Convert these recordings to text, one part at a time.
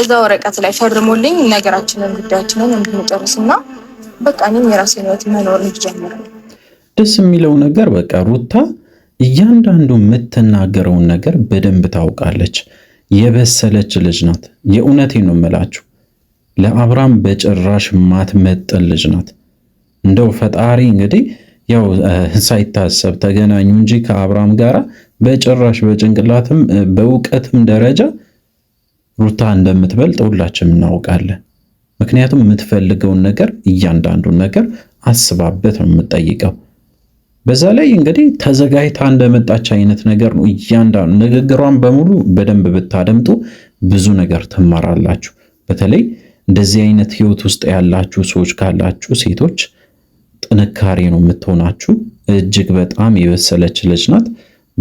እዛ ወረቀት ላይ ፈርሞልኝ ነገራችንን ጉዳያችንን እንድንጨርስና በቃ እኔም የራሴን ህይወት መኖር እንጀምር። ደስ የሚለው ነገር በቃ ሩታ እያንዳንዱ የምትናገረውን ነገር በደንብ ታውቃለች። የበሰለች ልጅ ናት። የእውነቴ ነው የምላችሁ፣ ለአብራም በጭራሽ ማትመጥን ልጅ ናት። እንደው ፈጣሪ እንግዲህ ያው ሳይታሰብ ተገናኙ እንጂ ከአብራም ጋር በጭራሽ በጭንቅላትም በእውቀትም ደረጃ ሩታ እንደምትበልጥ ሁላችንም እናውቃለን። ምክንያቱም የምትፈልገውን ነገር እያንዳንዱን ነገር አስባበት ነው የምጠይቀው። በዛ ላይ እንግዲህ ተዘጋጅታ እንደመጣች አይነት ነገር ነው እያንዳንዱ ንግግሯን በሙሉ በደንብ ብታደምጡ ብዙ ነገር ትማራላችሁ። በተለይ እንደዚህ አይነት ህይወት ውስጥ ያላችሁ ሰዎች ካላችሁ ሴቶች ጥንካሬ ነው የምትሆናችሁ። እጅግ በጣም የበሰለች ልጅ ናት።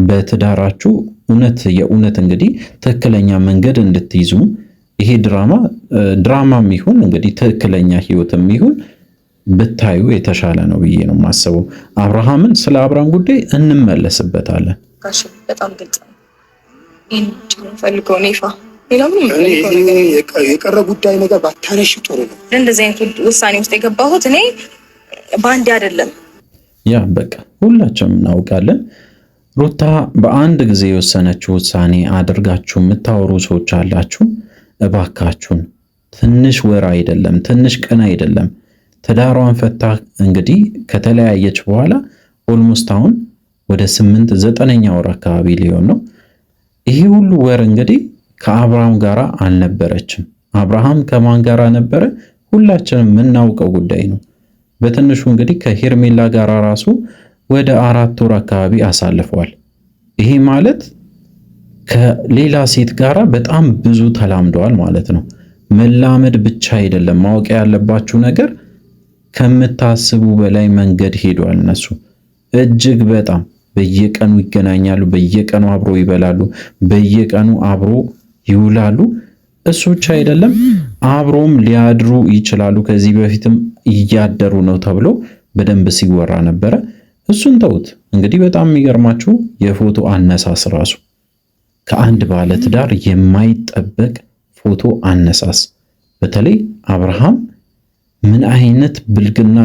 በትዳራችሁ እውነት የእውነት እንግዲህ ትክክለኛ መንገድ እንድትይዙ ይሄ ድራማ ድራማም ይሁን እንግዲህ ትክክለኛ ህይወትም ይሁን ብታዩ የተሻለ ነው ብዬ ነው የማስበው። አብርሃምን ስለ አብርሃም ጉዳይ እንመለስበታለን። በጣም ግልጽ ነው። የቀረ ጉዳይ ነገር ባታነሽ ጥሩ ነው። እንደዚህ አይነት ውሳኔ ውስጥ የገባሁት እኔ በአንድ አይደለም። ያ በቃ ሁላችንም እናውቃለን። ሩታ በአንድ ጊዜ የወሰነችው ውሳኔ አድርጋችሁ የምታወሩ ሰዎች አላችሁ። እባካችሁን ትንሽ ወር አይደለም፣ ትንሽ ቀን አይደለም። ትዳሯን ፈታ እንግዲህ ከተለያየች በኋላ ኦልሞስት አሁን ወደ ስምንት ዘጠነኛ ወር አካባቢ ሊሆን ነው። ይሄ ሁሉ ወር እንግዲህ ከአብርሃም ጋር አልነበረችም። አብርሃም ከማን ጋር ነበረ? ሁላችንም የምናውቀው ጉዳይ ነው። በትንሹ እንግዲህ ከሄርሜላ ጋር ራሱ ወደ አራት ወር አካባቢ አሳልፈዋል። ይሄ ማለት ከሌላ ሴት ጋር በጣም ብዙ ተላምደዋል ማለት ነው። መላመድ ብቻ አይደለም፣ ማወቅ ያለባችሁ ነገር ከምታስቡ በላይ መንገድ ሄደዋል። እነሱ እጅግ በጣም በየቀኑ ይገናኛሉ፣ በየቀኑ አብሮ ይበላሉ፣ በየቀኑ አብሮ ይውላሉ። እሱ ብቻ አይደለም፣ አብሮም ሊያድሩ ይችላሉ። ከዚህ በፊትም እያደሩ ነው ተብሎ በደንብ ሲወራ ነበረ። እሱን ተውት። እንግዲህ በጣም የሚገርማችሁ የፎቶ አነሳስ ራሱ ከአንድ ባለ ትዳር የማይጠበቅ ፎቶ አነሳስ፣ በተለይ አብርሃም ምን አይነት ብልግና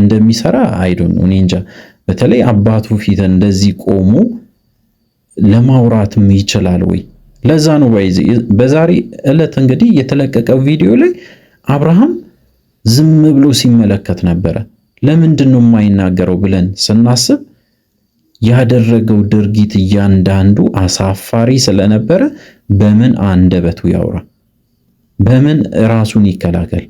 እንደሚሰራ አይዶን እኔ እንጃ። በተለይ አባቱ ፊት እንደዚህ ቆሞ ለማውራትም ይችላል ወይ? ለዛ ነው ባይዚ በዛሬ ዕለት እንግዲህ የተለቀቀው ቪዲዮ ላይ አብርሃም ዝም ብሎ ሲመለከት ነበረ። ለምንድን ነው የማይናገረው ብለን ስናስብ ያደረገው ድርጊት እያንዳንዱ አሳፋሪ ስለነበረ በምን አንደበቱ ያውራ? በምን ራሱን ይከላከል?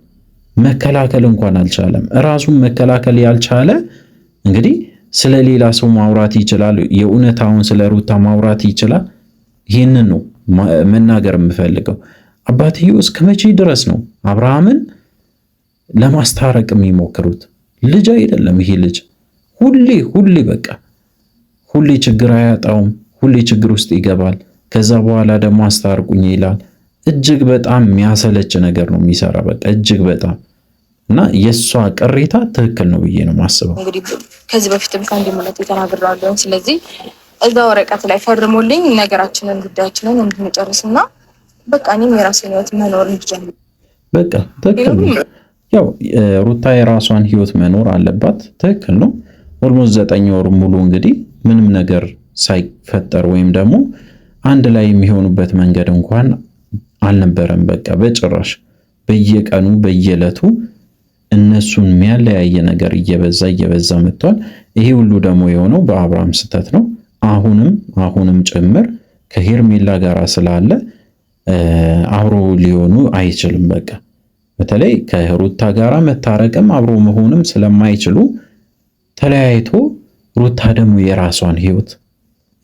መከላከል እንኳን አልቻለም። ራሱን መከላከል ያልቻለ እንግዲህ ስለ ሌላ ሰው ማውራት ይችላል። የእውነታውን ስለ ሩታ ማውራት ይችላል። ይህንን ነው መናገር የምፈልገው። አባትየው እስከ መቼ ድረስ ነው አብርሃምን ለማስታረቅ የሚሞክሩት? ልጅ አይደለም ይሄ ልጅ። ሁሌ ሁሌ በቃ ሁሌ ችግር አያጣውም። ሁሌ ችግር ውስጥ ይገባል። ከዛ በኋላ ደግሞ አስታርቁኝ ይላል። እጅግ በጣም የሚያሰለች ነገር ነው የሚሰራ በቃ እጅግ በጣም እና የእሷ ቅሬታ ትክክል ነው ብዬ ነው ማስበው። እንግዲህ ከዚህ በፊትም ከአንድ ሙለት የተናግረዋለሁ። ስለዚህ እዛ ወረቀት ላይ ፈርሞልኝ ነገራችንን ጉዳያችንን እንድንጨርስና በቃ እኔም የራሴን ህይወት መኖር እንድጀምር በቃ ትክክል ያው ሩታ የራሷን ህይወት መኖር አለባት። ትክክል ነው። ኦልሞስት ዘጠኝ ወር ሙሉ እንግዲህ ምንም ነገር ሳይፈጠር ወይም ደግሞ አንድ ላይ የሚሆኑበት መንገድ እንኳን አልነበረም። በቃ በጭራሽ በየቀኑ በየዕለቱ እነሱን የሚያለያየ ነገር እየበዛ እየበዛ መጥቷል። ይሄ ሁሉ ደግሞ የሆነው በአብርሃም ስህተት ነው። አሁንም አሁንም ጭምር ከሄርሜላ ጋር ስላለ አብሮ ሊሆኑ አይችልም በቃ በተለይ ከሩታ ጋራ መታረቅም አብሮ መሆንም ስለማይችሉ ተለያይቶ ሩታ ደግሞ የራሷን ህይወት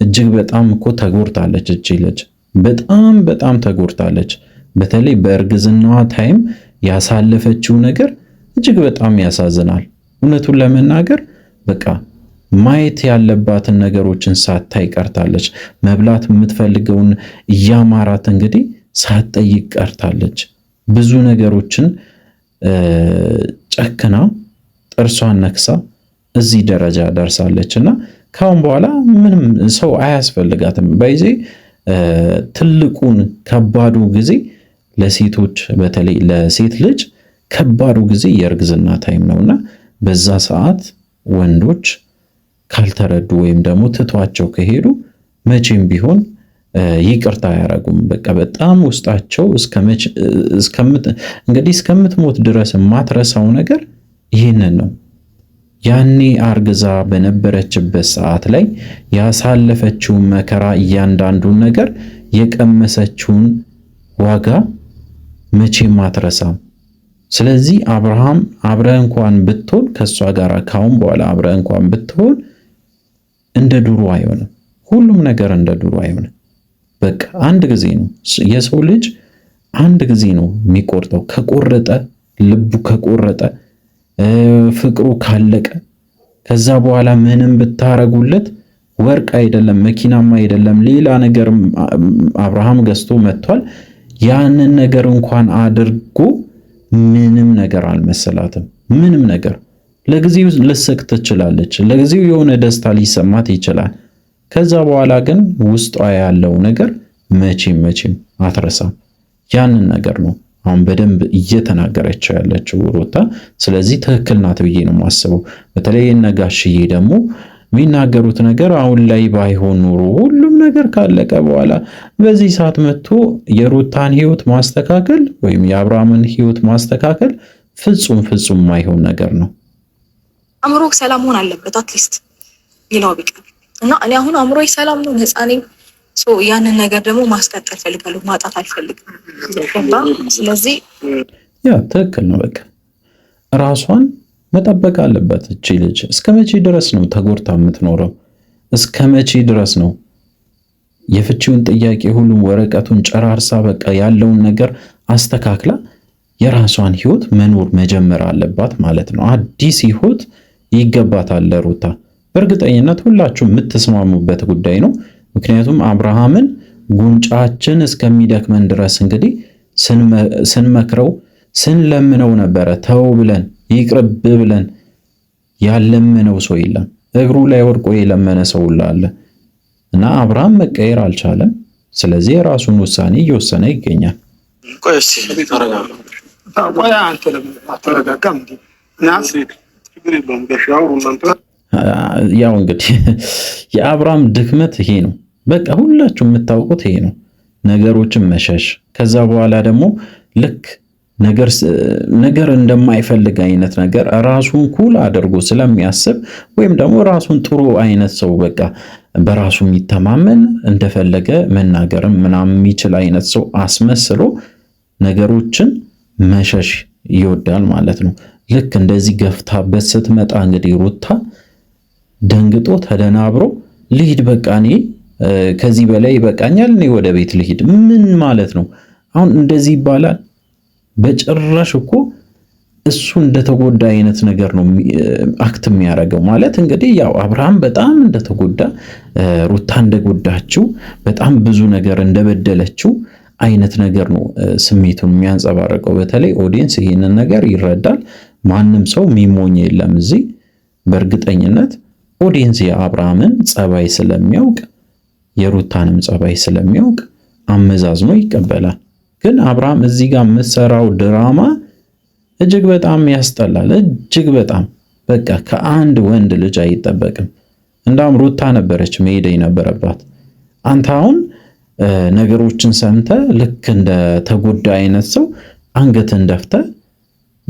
እጅግ በጣም እኮ ተጎድታለች። እቺ ልጅ በጣም በጣም ተጎድታለች። በተለይ በእርግዝናዋ ታይም ያሳለፈችው ነገር እጅግ በጣም ያሳዝናል። እውነቱን ለመናገር በቃ ማየት ያለባትን ነገሮችን ሳታይ ቀርታለች። መብላት የምትፈልገውን እያማራት እንግዲህ ሳትጠይቅ ቀርታለች። ብዙ ነገሮችን ጨክና ጥርሷን ነክሳ እዚህ ደረጃ ደርሳለች እና ካሁን በኋላ ምንም ሰው አያስፈልጋትም። በይዜ ትልቁን ከባዱ ጊዜ ለሴቶች በተለይ ለሴት ልጅ ከባዱ ጊዜ የእርግዝና ታይም ነውና በዛ ሰዓት ወንዶች ካልተረዱ ወይም ደግሞ ትቷቸው ከሄዱ መቼም ቢሆን ይቅርታ አያረጉም። በቃ በጣም ውስጣቸው እንግዲህ እስከምትሞት ድረስ የማትረሳው ነገር ይህንን ነው። ያኔ አርግዛ በነበረችበት ሰዓት ላይ ያሳለፈችውን መከራ፣ እያንዳንዱን ነገር የቀመሰችውን ዋጋ መቼም አትረሳም። ስለዚህ አብርሃም አብረህ እንኳን ብትሆን ከእሷ ጋር ካሁን በኋላ አብረህ እንኳን ብትሆን እንደ ድሮ አይሆንም። ሁሉም ነገር እንደ ድሮ አይሆንም። በቃ አንድ ጊዜ ነው። የሰው ልጅ አንድ ጊዜ ነው የሚቆርጠው። ከቆረጠ ልቡ ከቆረጠ ፍቅሩ ካለቀ ከዛ በኋላ ምንም ብታረጉለት ወርቅ አይደለም መኪናማ አይደለም ሌላ ነገር አብርሃም ገዝቶ መጥቷል። ያንን ነገር እንኳን አድርጎ ምንም ነገር አልመሰላትም። ምንም ነገር ለጊዜው ልስቅ ትችላለች። ለጊዜው የሆነ ደስታ ሊሰማት ይችላል። ከዛ በኋላ ግን ውስጧ ያለው ነገር መቼም መቼም አትረሳም። ያንን ነገር ነው አሁን በደንብ እየተናገረችው ያለችው ሩታ። ስለዚህ ትክክል ናት ብዬ ነው የማስበው። በተለይ ነጋሽዬ ደግሞ የሚናገሩት ነገር አሁን ላይ ባይሆን ኖሮ ሁሉም ነገር ካለቀ በኋላ በዚህ ሰዓት መጥቶ የሩታን ህይወት ማስተካከል ወይም የአብርሃምን ህይወት ማስተካከል ፍጹም ፍጹም ማይሆን ነገር ነው። አእምሮ ሰላም መሆን አለበት አትሊስት ሌላው ቢቀር እና እኔ አሁን አእምሮ ሰላም ነው፣ ነፃ ነኝ። ያንን ነገር ደግሞ ማስቀጠል ፈልጋለሁ፣ ማጣት አልፈልግም። ስለዚህ ያ ትክክል ነው። በቃ ራሷን መጠበቅ አለበት እቺ ልጅ። እስከ መቼ ድረስ ነው ተጎድታ የምትኖረው? እስከ መቼ ድረስ ነው የፍቺውን ጥያቄ ሁሉም ወረቀቱን ጨራርሳ በቃ ያለውን ነገር አስተካክላ የራሷን ህይወት መኖር መጀመር አለባት ማለት ነው። አዲስ ህይወት ይገባታል ለሩታ። በእርግጠኝነት ሁላችሁ የምትስማሙበት ጉዳይ ነው። ምክንያቱም አብርሃምን ጉንጫችን እስከሚደክመን ድረስ እንግዲህ ስንመክረው ስንለምነው ነበረ። ተው ብለን ይቅርብ ብለን ያለምነው ሰው የለም። እግሩ ላይ ወድቆ የለመነ ሰው አለ እና አብርሃም መቀየር አልቻለም። ስለዚህ የራሱን ውሳኔ እየወሰነ ይገኛል። ቆይ ያው እንግዲህ የአብርሃም ድክመት ይሄ ነው። በቃ ሁላችሁ የምታውቁት ይሄ ነው። ነገሮችን መሸሽ፣ ከዛ በኋላ ደግሞ ልክ ነገር እንደማይፈልግ አይነት ነገር ራሱን ኩል አድርጎ ስለሚያስብ ወይም ደግሞ ራሱን ጥሩ አይነት ሰው በቃ በራሱ የሚተማመን እንደፈለገ መናገርም ምናምን የሚችል አይነት ሰው አስመስሎ ነገሮችን መሸሽ ይወዳል ማለት ነው። ልክ እንደዚህ ገፍታበት ስትመጣ እንግዲህ ሩታ ደንግጦ ተደናብሮ ልሂድ በቃ እኔ ከዚህ በላይ ይበቃኛል፣ እኔ ወደ ቤት ልሂድ። ምን ማለት ነው? አሁን እንደዚህ ይባላል? በጭራሽ እኮ እሱ እንደተጎዳ አይነት ነገር ነው አክት የሚያደርገው። ማለት እንግዲህ ያው አብርሃም በጣም እንደተጎዳ ሩታ እንደጎዳችው በጣም ብዙ ነገር እንደበደለችው አይነት ነገር ነው ስሜቱን የሚያንጸባርቀው። በተለይ ኦዲየንስ ይህንን ነገር ይረዳል። ማንም ሰው ሚሞኝ የለም እዚህ በእርግጠኝነት ኦዲየንስ የአብርሃምን ጸባይ ስለሚያውቅ የሩታንም ጸባይ ስለሚያውቅ አመዛዝኖ ይቀበላል። ግን አብርሃም እዚህ ጋር የምትሰራው ድራማ እጅግ በጣም ያስጠላል። እጅግ በጣም በቃ ከአንድ ወንድ ልጅ አይጠበቅም። እንዳውም ሩታ ነበረች መሄድ የነበረባት። አንተ አሁን ነገሮችን ሰምተ ልክ እንደ ተጎዳ አይነት ሰው አንገትን ደፍተ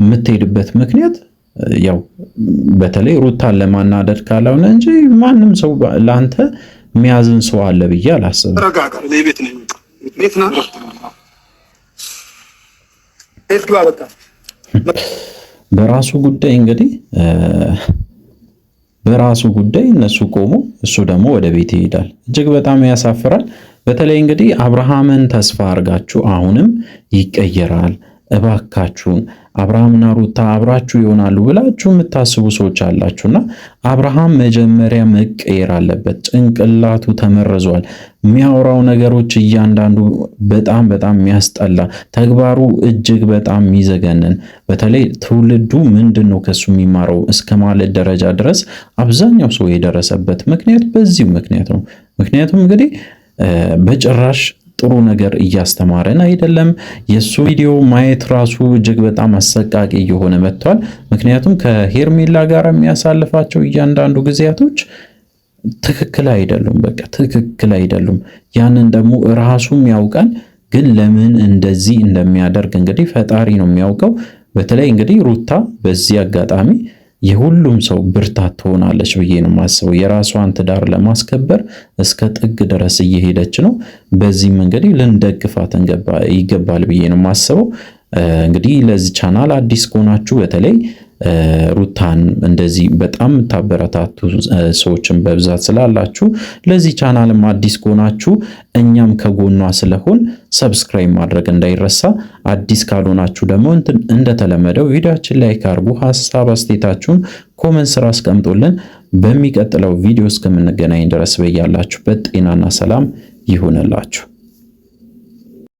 የምትሄድበት ምክንያት ያው በተለይ ሩታን ለማናደድ ካልሆነ እንጂ ማንም ሰው ለአንተ የሚያዝን ሰው አለ ብዬ አላስብም። በራሱ ጉዳይ እንግዲህ በራሱ ጉዳይ እነሱ ቆሙ፣ እሱ ደግሞ ወደ ቤት ይሄዳል። እጅግ በጣም ያሳፍራል። በተለይ እንግዲህ አብርሃምን ተስፋ አድርጋችሁ አሁንም ይቀየራል እባካችሁን አብርሃምና ሩታ አብራችሁ ይሆናሉ ብላችሁ የምታስቡ ሰዎች አላችሁና፣ አብርሃም መጀመሪያ መቀየር አለበት። ጭንቅላቱ ተመርዟል። የሚያወራው ነገሮች እያንዳንዱ በጣም በጣም የሚያስጠላ፣ ተግባሩ እጅግ በጣም የሚዘገንን፣ በተለይ ትውልዱ ምንድን ነው ከሱ የሚማረው እስከ ማለት ደረጃ ድረስ አብዛኛው ሰው የደረሰበት ምክንያት በዚህ ምክንያት ነው። ምክንያቱም እንግዲህ በጭራሽ ጥሩ ነገር እያስተማረን አይደለም። የእሱ ቪዲዮ ማየት ራሱ እጅግ በጣም አሰቃቂ እየሆነ መጥቷል። ምክንያቱም ከሄርሜላ ጋር የሚያሳልፋቸው እያንዳንዱ ጊዜያቶች ትክክል አይደሉም። በቃ ትክክል አይደሉም። ያንን ደግሞ ራሱም ያውቃል። ግን ለምን እንደዚህ እንደሚያደርግ እንግዲህ ፈጣሪ ነው የሚያውቀው። በተለይ እንግዲህ ሩታ በዚህ አጋጣሚ የሁሉም ሰው ብርታት ትሆናለች ብዬ ነው የማስበው። የራሷን ትዳር ለማስከበር እስከ ጥግ ድረስ እየሄደች ነው። በዚህም እንግዲህ ልንደግፋት ይገባል ብዬ ነው የማስበው። እንግዲህ ለዚህ ቻናል አዲስ ከሆናችሁ በተለይ ሩታን እንደዚህ በጣም የምታበረታቱ ሰዎችን በብዛት ስላላችሁ ለዚህ ቻናልም አዲስ ከሆናችሁ እኛም ከጎኗ ስለሆን ሰብስክራይብ ማድረግ እንዳይረሳ። አዲስ ካልሆናችሁ ደግሞ እንደተለመደው ቪዲዮችን ላይ ካርጉ ሀሳብ አስተያየታችሁን ኮመንት ስራ አስቀምጦልን። በሚቀጥለው ቪዲዮ እስከምንገናኝ ድረስ በያላችሁበት ጤናና ሰላም ይሁንላችሁ።